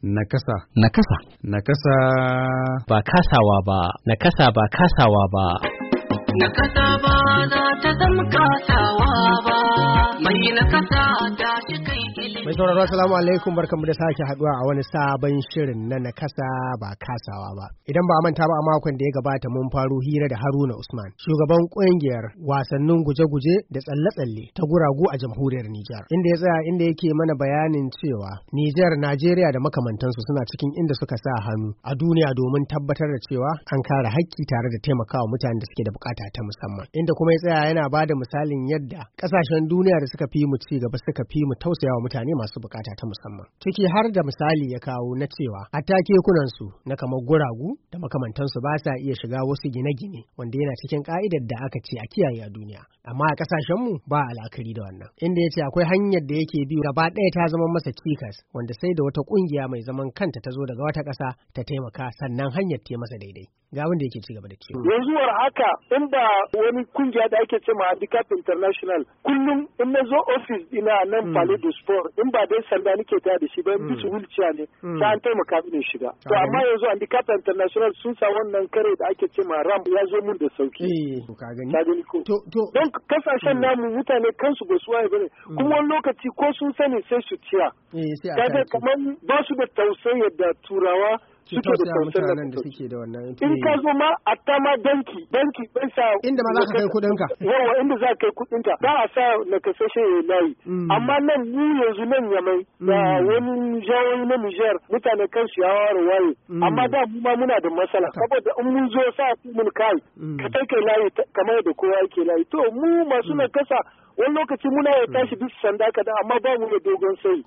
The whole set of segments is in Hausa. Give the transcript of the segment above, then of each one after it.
Nakasa. Nakasa. Nakasa. Ba kasawa ba. Nakasa ba kasawa ba. Nakasa ba za ta zama kasawa ba. Mai nakasa ta shi Mai sauraro "Salamu alaikum barkamu da sake haduwa a wani sabon shirin na nakasa ba kasawa ba. Idan ba a manta ba a makon da ya gabata mun faro hira da Haruna Usman, shugaban ƙungiyar wasannin guje-guje da tsalle-tsalle ta guragu a jamhuriyar Nijar. Inda ya tsaya inda yake mana bayanin cewa Nijar, Najeriya da makamantansu suna cikin inda suka sa hannu a duniya domin tabbatar da cewa an kare hakki tare da taimakawa mutane da suke da bukata ta musamman. Inda kuma ya tsaya yana ba da misalin yadda kasashen duniya da suka fi mu ci gaba suka fi mu tausayawa mutane masu bukata ta musamman. Ciki har da misali ya kawo na cewa a take su na kamar guragu da makamantansu ba sa iya shiga wasu gine-gine wanda yana cikin ka'idar da aka ce a kiyaye a duniya. Amma a kasashenmu ba al'akari da wannan. Inda ya ce akwai hanyar da yake bi gaba ɗaya ta zama masa cikas wanda sai da wata ƙungiya mai zaman kanta ta zo daga wata ƙasa ta taimaka sannan hanyar ta masa daidai. Ga wanda yake ci gaba da ciwo. Yanzu war haka in ba wani kungiya da ake ce ma International kullum in na zo ofis ina nan Palais de Sport in ba dai sanda nake ta da shi ba hmm. hmm. in bisu wulciya ne Ta an taimaka mini shiga to amma yanzu handicap international sun sa wannan kare da ake ce ma ram ya zo mun da sauki eh, ka gani ko don kasashen hmm. namu mutane kansu ba su waye bane kuma wani lokaci ko sun sani sai su ciya eh, kaga kamar ba su da tausayi da turawa suke da mutanen da suke da wannan in ka zo ma a ta ma danki danki ban sa inda ma za ka kai kuɗin ka yawa inda za ka kai kuɗin ka ba a sa na kasashe ya layi hmm. amma nan ni yanzu nan yamai da hmm. wani jawoyi na Niger mutane kan su yawa waye hmm. amma da mu ma muna da matsala saboda in mun zo sa mun kai ka kai layi kamar da kowa yake layi to mu masu na kasa. wani lokaci muna ya tashi duk mm. sanda da amma ba mu da dogon sai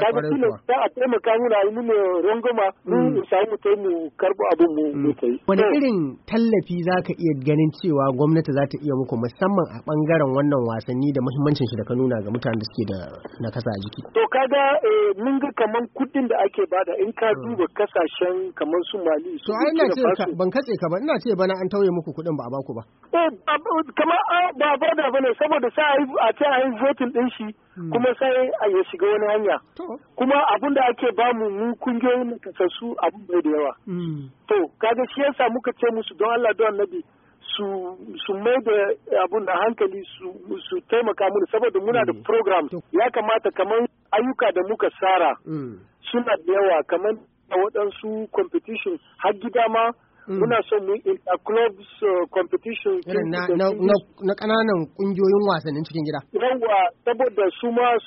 ga tilo ta a taimaka muna yi mu rungama mm. mu sai mu kai mu karbo abin mu mm. mu kai wani irin tallafi zaka iya ganin cewa gwamnati za ta iya muku musamman a bangaren wannan wasanni da muhimmancin shi da ka nuna ga mutanen da suke da nakasa a jiki to kaga eh, mun ga kaman kudin da ake bada in ka duba kasashen kaman su Mali su ina ce ban katse ka ba ina ce bana an tauye muku kudin ba a ba ku ba eh kamar ba ah, ba da bane saboda sai a ce a yi votin din shi hmm. kuma sai a ya shiga wani hanya kuma abin da ake bamu mu kungiyoyin kasassu abin bai da yawa hmm. to kaga shi yasa muka ce musu don Allah don Annabi su su mai da abun da hankali su su taimaka mu saboda muna da hmm. program ya kamata kamar ayyuka da muka sara suna da yawa kamar waɗansu competition har gida ma Mm. muna son mu a clubs uh, competition na kananan kungiyoyin wasannin cikin gida yawa saboda su ma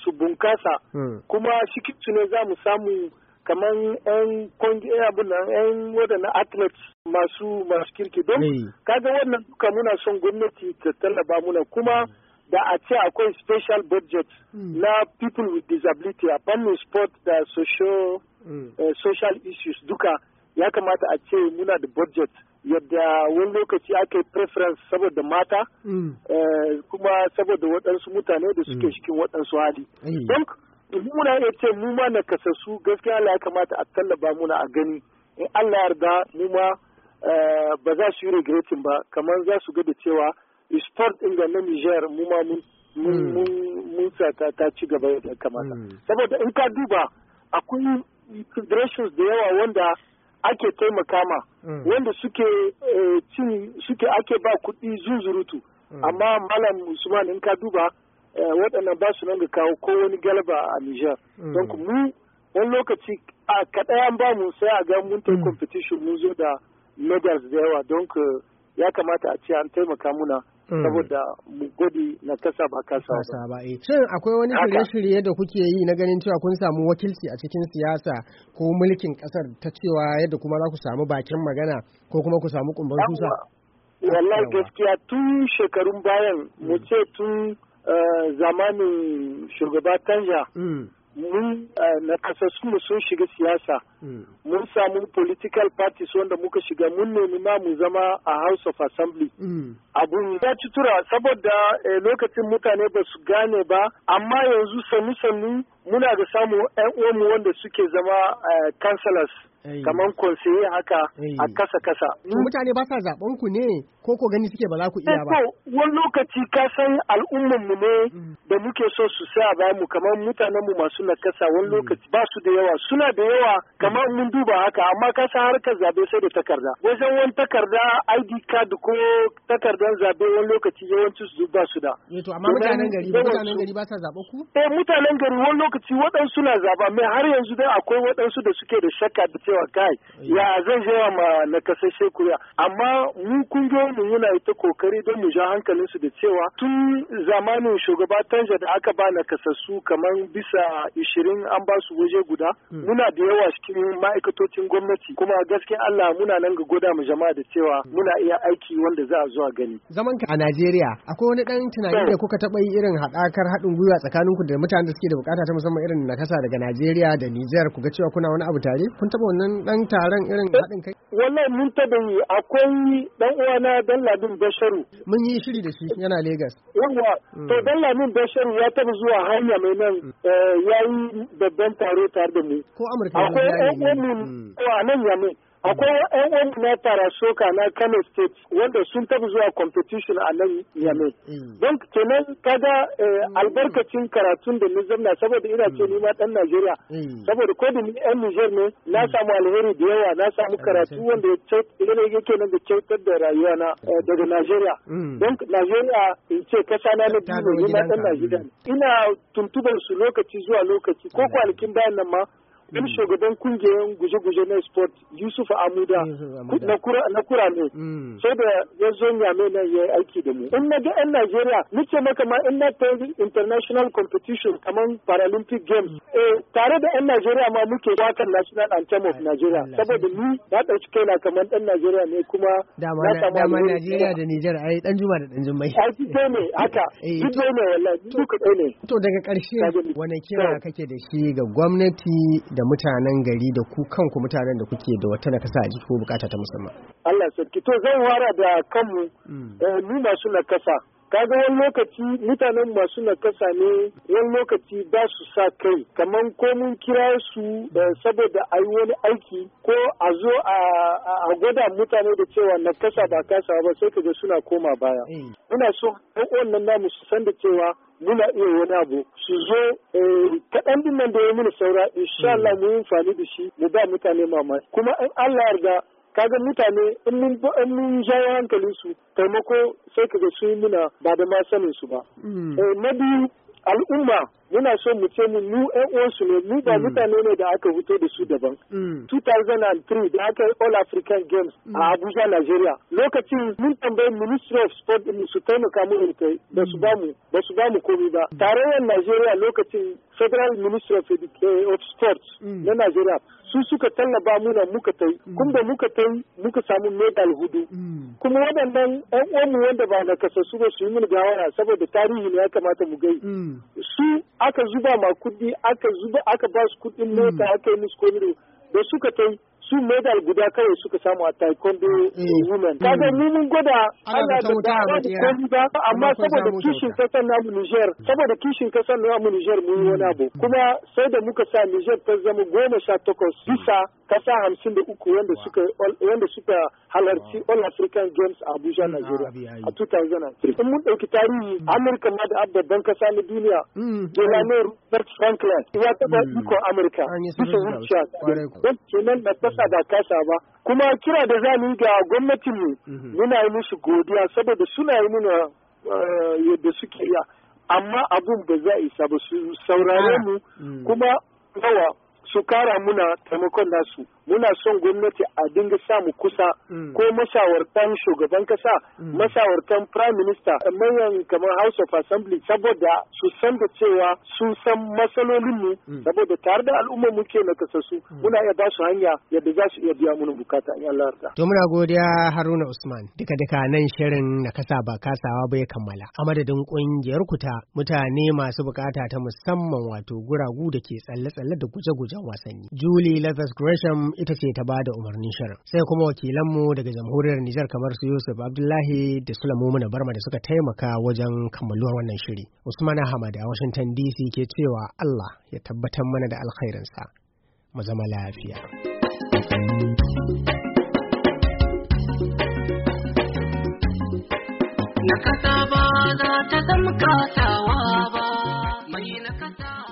su bunkasa mm. kuma cikin su ne za mu samu kamar yan kungiyoyi eh, abin nan yan wadannan athletes masu masu kirki don kaga wannan duka muna son gwamnati ta tallaba muna kuma mm. da a ce akwai special budget na people with disability a fannin sport da social eh, issues duka ya kamata a ce muna da budget yadda wani lokaci aka yi preference saboda mata mm. eh, kuma saboda waɗansu mutane da suke mm. cikin waɗansu hali don muna iya ce mu ma na kasassu gaskiya ya kamata a tallaba muna a gani in Allah yarda mu ma eh, ba za su yi regretin ba kamar za su ga da cewa sport din ga na Niger mu mun mm. sata ta ci gaba ya kamata saboda in ka duba akwai federations da yawa wanda ake taimaka ma mm. wanda suke eh, cin suke ake ba kuɗi zuzurutu mm. amma malam usman in ka duba eh, waɗannan ba su nan ga kawo ko wani galaba a nijar mm. don mu wani lokaci a kaɗai an ba mu sai a ga mun ta competition mun zo da medals da yawa don ya kamata a ce an taimaka muna Mm. saboda mu gode na kasa ba kasa ba. Eh. Shin akwai wani shirye-shirye da kuke yi na ganin cewa kun samu wakilci a cikin siyasa ko mulkin kasar ta cewa yadda kuma za ku samu bakin magana ko kuma ku samu kumbar susa? Wallahi gaskiya tun shekarun bayan mu mm. ce tun eh, zamanin shugaba kanja. Mm. mun eh, na kasassu sun shiga siyasa hmm. mun samu political parties wanda muka shiga mun nemi ma mu zama a house of assembly hmm. abun ya ci tura saboda eh, lokacin mutane ba su gane ba amma yanzu sannu sannu muna ga samun 'yan uwanmu wanda suke zama eh, councillors kamar konseye haka a kasa kasa. Mutane ba sa zaɓen ku ne ko ko gani suke ba za ku iya eh, ba. ko Wani lokaci ka san al'umman mu ne hmm. da muke so su sa ba mu kamar mutanen mu masu nakasa wani hmm. lokaci ba su da yawa suna da yawa kamar mun duba haka amma ka san harkar zabe sai da takarda. Wajen wani takarda ID card ko takardan zabe wani lokaci yawanci su ba su da. Eh, to amma mutanen gari mutanen gari ba sa zaɓa ku? Eh mutanen gari wani lokaci waɗansu na zaɓa mai har yanzu dai akwai waɗansu da suke da shakka da cewa kai ya zai wa ma na kasashe kuriya amma mu kungiyoyin mu muna ita kokari don mu ja hankalin su da cewa tun zamanin shugaba tanja da aka ba na kasassu kamar bisa ishirin an ba su waje guda hmm. muna da yawa cikin ma'aikatocin gwamnati kuma gaskiya Allah muna nan ga goda mu jama'a da cewa hmm. muna iya aiki wanda za a zuwa gani zaman ka a Najeriya akwai wani dan tunani da kuka taba yi irin hadakar haɗin gwiwa tsakaninku da mutanen da suke da bukata ta musamman irin na kasa daga Najeriya da Niger ku ga cewa kuna wani abu tare kun taba wannan wannan ɗan taron irin haɗin kai? Wallahi mun taɓa yi akwai ɗan uwana ladin Basharu. Mun yi shiri da shi yana Legas. Yawwa, hmm. to ladin Basharu ya taɓa zuwa hanya mai nan hmm. eh, ya yi babban taro tare da mu. Ko Amurka ya yi. Akwai ɗan uwanmu ko hmm. a nan Yamin. akwai yan wani na tara soka na Kano State wanda sun tafi zuwa competition a nan yamai mm. don kenan ga eh, albarkacin karatun da ni na saboda ina ce mm. ni ma dan Najeriya mm. saboda ko da ni yan Niger ne na samu alheri da yawa na samu karatu wanda ya ce yake nan da kyautar da rayuwa na eh, daga Najeriya don Najeriya in ce kasa na na biyu ne ma dan Najeriya ina tuntubar su lokaci zuwa lokaci ko kwanakin bayan nan ma dan mm. shugaban kungiyar guje-guje na sport yusuf amuda na kura ne mm. sai da ya zo nyame nan ya yi aiki da mu in na ga yan najeriya nike maka ma in na ta international competition kamar paralympic games mm. eh, tare da yan najeriya ma muke wakan national anthem of nigeria saboda ni na ɗauki kaina kamar ɗan najeriya ne kuma na samu najeriya da nijar ai dan juma da dan jummai ai ne haka eh. duk ne wallahi duka ne to daga ƙarshe wani kira kake da shi ga gwamnati da mutanen gari da ku kanku mutanen da kuke da wata nakasa a jiki ko bukata ta musamman Allah sarki to zan wara da kanmu mm. eh, mu masu nakasa kaga wani lokaci mutanen masu nakasa ne wani lokaci ba su sa kai kamar ko mun kira su eh, saboda a yi wani aiki ko a zo a gwada mutane da cewa nakasa ba kasa ba sai ga suna koma baya eh. muna so wannan namu su san da cewa muna iya wani abu su zo eh, kaɗan din nan da ya mini saura insha hmm. Allah mu yi amfani da shi mu ba mutane mamaki kuma in Allah yarda kaga mutane in mun in mun jawo hankalin su taimako sai kaga su yi muna ba da ma sanin su ba hmm. eh, na biyu al'umma muna so mu ce mu mu ɗan uwansu ne mu ba mm. mutane ne da aka fito da su daban 2003 mm. da aka yi all african games a mm. abuja nigeria lokacin mun tambayi ministry of sport din su taimaka mu kai su ba mu ba su ba mu komai ba tarayyar nigeria lokacin federal ministry of, eh, sports na nigeria su suka tallaba muna muka ta yi kun da muka ta yi muka samu medal hudu kuma waɗannan ɗan uwanmu wanda ba na su ba su yi mun gawara saboda tarihi ne ya kamata mu gai su aka zuba ma kudi aka zuba aka ba su kudin mota hmm. aka yi musu komai da suka kai su medal guda kawai suka samu a taekwondo eh, women eh. kaga ni mun gwada ana da dawa da kwani ba eh. amma saboda kishin kasar namu Niger saboda kishin kasar namu Niger mun yi wani abu kuma sai da muka sa Niger ta zama goma sha takwas bisa kasa hamsin da uku wanda suka wanda suka halarci All African Games a Abuja Nigeria a 2003 in mun dauki tarihi mm. Amurka ma da babban kasa na duniya mm, Jelani Robert Franklin ya taba mm. iko Amurka bisa wuce kenan da sa ba kasa ba kuma kira da za mu yi ga mu mhm. muna yi musu godiya saboda suna yi muna eh, yadda suke ya amma abun ba za isa ba su saurare ah. mu mm. kuma yawa su kara muna taimakon nasu muna son gwamnati a dinga samu kusa mm. ko mashawartan shugaban kasa mm. mashawartan prime minister manyan kamar house of assembly saboda su san da cewa su san matsalolin mu mm. saboda tare da al'umma muke na muna iya ba su hanya yadda za su iya biya mun bukata in Allah ya to muna godiya Haruna Usman duka duka nan shirin na kasa ba kasawa ba ya kammala a madadin kungiyar ku ta mutane masu bukata ta musamman wato guragu da ke tsalle tsalle da guje guje wajen wasanni. Julie Lathas Gresham ita ce ta ba da umarnin shirin. Sai kuma wakilanmu daga jamhuriyar Nijar kamar su Yusuf Abdullahi da Sulaimu Barma da suka taimaka wajen kammaluwar wannan shiri. Usman Ahmad a Washington DC ke cewa Allah ya tabbatar mana da alkhairinsa. Mu zama lafiya. ba za ta zama ba, mai